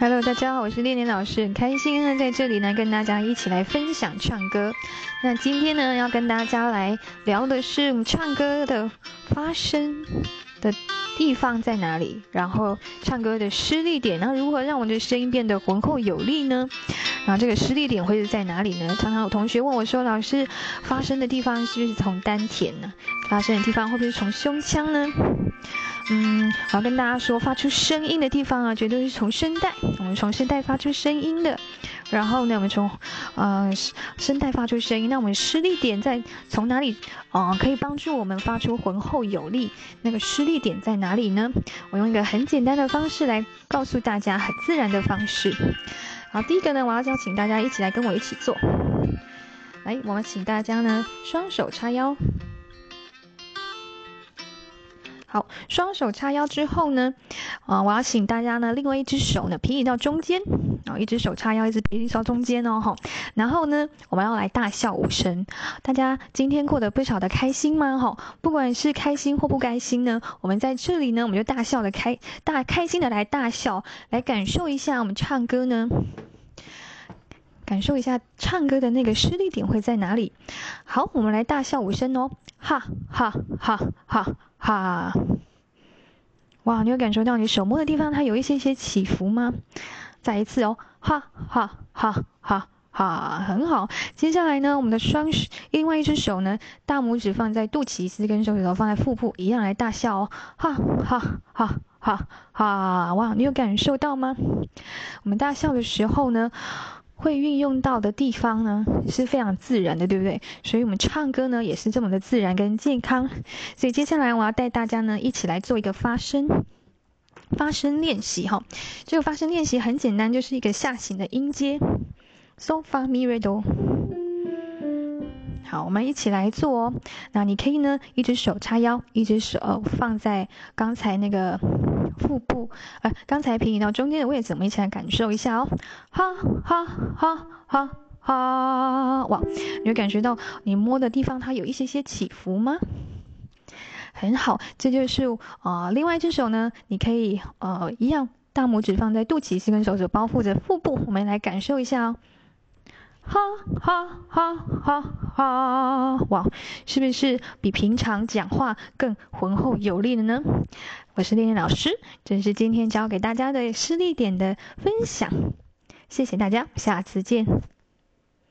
哈嘍，Hello, 大家好，我是練練老師，很開心呢，在這裡呢，跟大家一起來分享唱歌。那今天呢，要跟大家來聊的是我們唱歌的發聲的地方在哪裡，然後唱歌的施力點，那如何讓我們的聲音變得渾厚有力呢？然後這個施力點會是在哪裡呢？常常有同學問我說，老師，發聲的地方是不是從丹田呢？發聲的地方會不會是從胸腔呢？嗯，我要跟大家說，發出聲音的地方啊，絕對是從聲帶。我們從聲帶發出聲音的，然後呢，我們從，呃，聲帶發出聲音，那我們施力點在從哪裡？哦、呃，可以幫助我們發出渾厚有力，那個施力點在哪裡呢？我用一個很簡單的方式來告訴大家，很自然的方式。好，第一個呢，我要邀請大家一起來跟我一起做。來，我要請大家呢，雙手叉腰。好，雙手叉腰之後呢，啊，我要請大家呢，另外一隻手呢，平移到中間，然後一隻手叉腰，一隻平移到中間哦，然後呢，我們要來大笑五聲。大家今天過得不少的開心嗎？哦，不管是開心或不開心呢，我們在這裡呢，我們就大笑的開大開心的來大笑，來感受一下我們唱歌呢，感受一下唱歌的那個施力點會在哪裡。好，我們來大笑五聲哦，哈哈哈哈。哈哈！哇，你有感受到你手摸的地方它有一些些起伏嗎？再一次哦，哈，哈，哈，哈，哈，很好。接下來呢，我們的雙手，另外一隻手呢，大拇指放在肚臍，四根手指頭放在腹部一樣來大笑哦，哈，哈，哈，哈，哈！哇，你有感受到嗎？我們大笑的時候呢，會運用到的地方呢，是非常自然的，對不對？所以我們唱歌呢，也是這麼的自然跟健康。所以接下來我要帶大家呢，一起來做一個發聲，發聲練習哈。這個發聲練習很簡單，就是一個下行的音階：so fa mi re do。好，我們一起來做哦。那你可以呢，一隻手叉腰，一隻手放在剛才那個腹部，呃，剛才平移到中間的位置，我們一起來感受一下哦。哈，哈，哈，哈，哈，哇！你會感覺到你摸的地方它有一些些起伏嗎？很好，這就是啊，呃，另外一隻手呢，你可以呃，一樣，大拇指放在肚臍，四根手指包覆着腹部，我們來感受一下哦。哈哈哈哈！ 哇，是不是比平常講話更渾厚有力了呢？我是麗麗老師，這是今天教給大家的施力點的分享。謝謝大家，下次見。